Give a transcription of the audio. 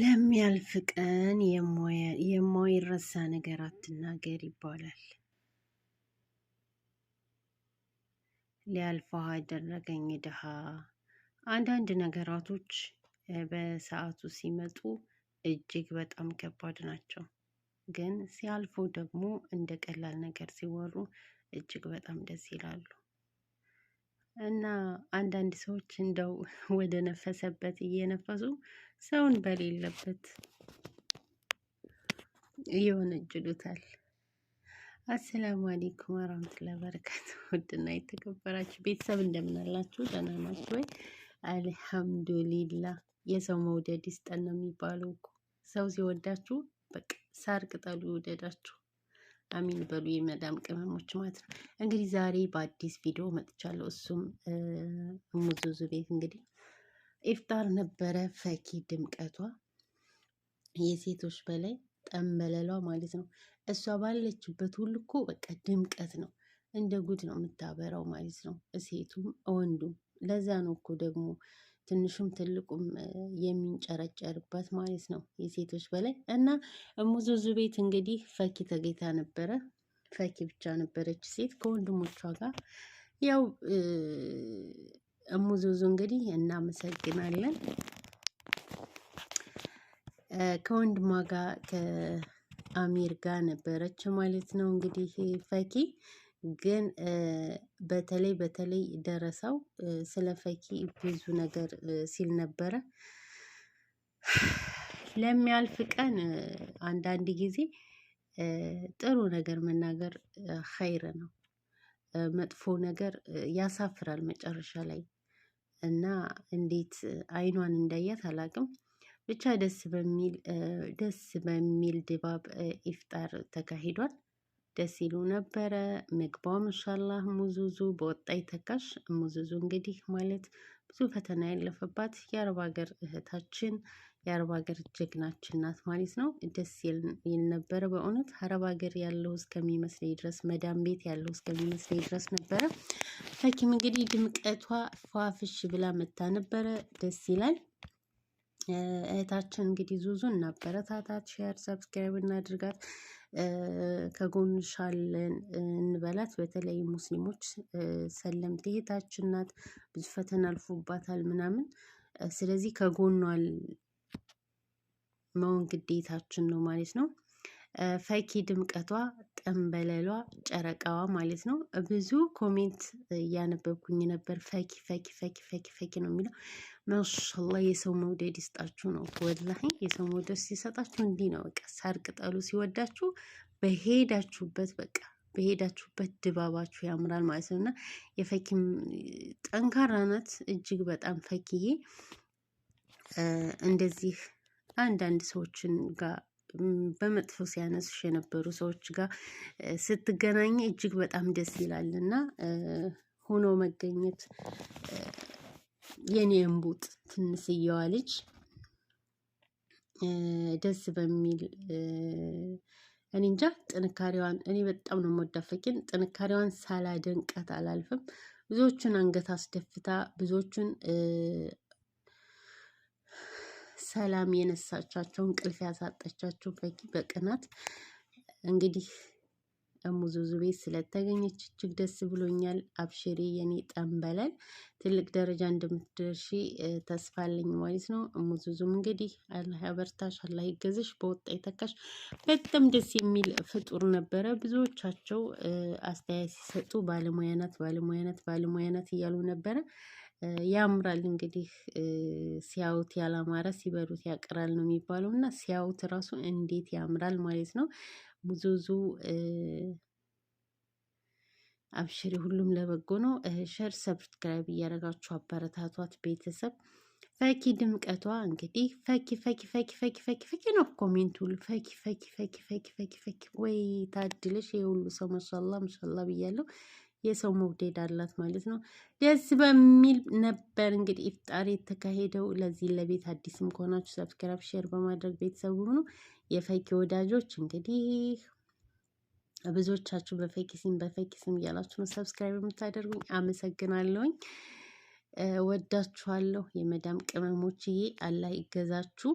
ለሚያልፍ ቀን የማይረሳ ነገር አትናገር ይባላል። ሊያልፋ ያደረገኝ ድሃ። አንዳንድ ነገራቶች በሰዓቱ ሲመጡ እጅግ በጣም ከባድ ናቸው፣ ግን ሲያልፉ ደግሞ እንደ ቀላል ነገር ሲወሩ እጅግ በጣም ደስ ይላሉ። እና አንዳንድ ሰዎች እንደው ወደ ነፈሰበት እየነፈሱ ሰውን በሌለበት ይወነጅሉታል። አሰላሙ አሌይኩም ወራህመቱላሂ ወበረካቱ። ውድና የተከበራችሁ ቤተሰብ እንደምን አላችሁ? ደህና ናችሁ ወይ? አልሐምዱሊላህ። የሰው መውደድ ይስጠን ነው የሚባለው እኮ ሰው ሲወዳችሁ በቃ ሳር ቅጠሉ ይውደዳችሁ። አሚን በሉ የመዳም ቅመሞች ማለት ነው። እንግዲህ ዛሬ በአዲስ ቪዲዮ መጥቻለሁ። እሱም ሙዙዙ ቤት እንግዲህ ኢፍጣር ነበረ። ፈኪ ድምቀቷ የሴቶች በላይ ጠንበለሏ ማለት ነው። እሷ ባለችበት ሁሉ እኮ በቃ ድምቀት ነው። እንደ ጉድ ነው የምታበራው ማለት ነው። ሴቱም ወንዱም። ለዛ ነው እኮ ደግሞ ትንሹም ትልቁም የሚንጨረጨርበት ማለት ነው። የሴቶች በላይ እና ሙዙዙ ቤት እንግዲህ ፈኪ ተገኝታ ነበረ። ፈኪ ብቻ ነበረች ሴት ከወንድሞቿ ጋር ያው እሙዙዙ እንግዲህ እናመሰግናለን። ከወንድሟ ጋር ከአሚር ጋር ነበረች ማለት ነው እንግዲህ ፈኪ ግን በተለይ በተለይ ደረሰው ስለ ፈኪ ብዙ ነገር ሲል ነበረ። ለሚያልፍ ቀን አንዳንድ ጊዜ ጥሩ ነገር መናገር ኸይር ነው። መጥፎ ነገር ያሳፍራል መጨረሻ ላይ እና እንዴት አይኗን እንዳያት አላቅም። ብቻ ደስ በሚል ደስ በሚል ድባብ ኢፍጣር ተካሂዷል። ደስ ይሉ ነበረ። ምግቧም እንሻላህ ሙዙዙ በወጣ ይተካሽ። ሙዙዙ እንግዲህ ማለት ብዙ ፈተና ያለፈባት የአረብ ሀገር እህታችን የአረብ ሀገር ጀግናችን ናት ማለት ነው። ደስ ይል ነበረ በእውነት አረብ ሀገር ያለው እስከሚመስለኝ ድረስ መዳም ቤት ያለው እስከሚመስለኝ ድረስ ነበረ። ሐኪም እንግዲህ ድምቀቷ ፏፍሽ ብላ መታ ነበረ። ደስ ይላል። እህታችን እንግዲህ ዙዙ እናበረታታት፣ ሼር፣ ሰብስክራይብ እናድርጋት። ከጎን አለን እንበላት። በተለይ ሙስሊሞች ሰለምት እህታችን ናት፣ ብዙ ፈተና አልፎባታል ምናምን። ስለዚህ ከጎኗል መሆን ግዴታችን ነው ማለት ነው። ፈኪ ድምቀቷ ጠንበለሏ ጨረቃዋ ማለት ነው። ብዙ ኮሜንት እያነበብኩኝ ነበር። ፈኪ ፈኪ ፈኪ ፈኪ ፈኪ ነው የሚለው። ማሻላ የሰው መውደድ ይስጣችሁ ነው። ወላሂ የሰው መውደድ ሲሰጣችሁ እንዲህ ነው። በቃ ሳር ቅጠሉ ሲወዳችሁ በሄዳችሁበት በቃ በሄዳችሁበት ድባባችሁ ያምራል ማለት ነው። እና የፈኪ ጠንካራ ናት እጅግ በጣም ፈኪዬ እንደዚህ አንዳንድ ሰዎችን ጋር በመጥፎ ሲያነሱሽ የነበሩ ሰዎች ጋር ስትገናኝ እጅግ በጣም ደስ ይላል እና ሆኖ መገኘት የኔ እንቡጥ ትንስየዋ ልጅ ደስ በሚል እኔ እንጃ ጥንካሬዋን እኔ በጣም ነው የምወዳፈቅን ጥንካሬዋን ሳላደንቃት አላልፍም። ብዙዎቹን አንገት አስደፍታ ብዙዎቹን ሰላም የነሳቻቸው እንቅልፍ ያሳጠቻቸው በቂ በቅናት እንግዲህ እሙ ቤት ስለተገኘች እጅግ ደስ ብሎኛል። አብሽሪ የኔ ጠንበላል፣ ትልቅ ደረጃ እንደምትደርሺ ተስፋ አለኝ ማለት ነው። እሙዙዙም እንግዲህ አላህ ያበርታሽ፣ አላህ ይገዝሽ፣ በወጣ ይተካሽ። በጣም ደስ የሚል ፍጡር ነበረ። ብዙዎቻቸው አስተያየት ሲሰጡ ባለሙያ ናት፣ ባለሙያ ናት፣ ባለሙያ ናት እያሉ ነበረ። ያምራል እንግዲህ ሲያዩት ያላማረ ሲበሉት ያቅራል ነው የሚባለው እና ሲያዩት ራሱ እንዴት ያምራል ማለት ነው። ሙዙዙ አብሽሪ ሁሉም ለበጎ ነው። ሸር ሰብስክራይብ እያደረጋችሁ አበረታቷት ቤተሰብ። ፈኪ ድምቀቷ እንግዲህ ፈኪ ፈኪ ፈኪ ፈኪ ፈኪ ፈኪ ነው ኮሜንት ሁሉ ፈኪ ፈኪ ፈኪ ፈኪ ፈኪ ፈኪ ወይ ታድለሽ የሁሉ ሰው ማሻላ ማሻላ ብያለሁ። የሰው መውደድ አላት ማለት ነው። ደስ በሚል ነበር እንግዲህ ኢፍጣር የተካሄደው። ለዚህ ለቤት አዲስም ከሆናችሁ ሰብስክራይብ፣ ሼር በማድረግ ቤተሰቡ ሁኑ። የፈኪ ወዳጆች እንግዲህ ብዙዎቻችሁ በፈኪ ስም በፈኪ ስም እያላችሁ ነው ሰብስክራይብ የምታደርጉኝ። አመሰግናለሁኝ። ወዳችኋለሁ። የመዳም ቅመሞችዬ አላህ ይገዛችሁ።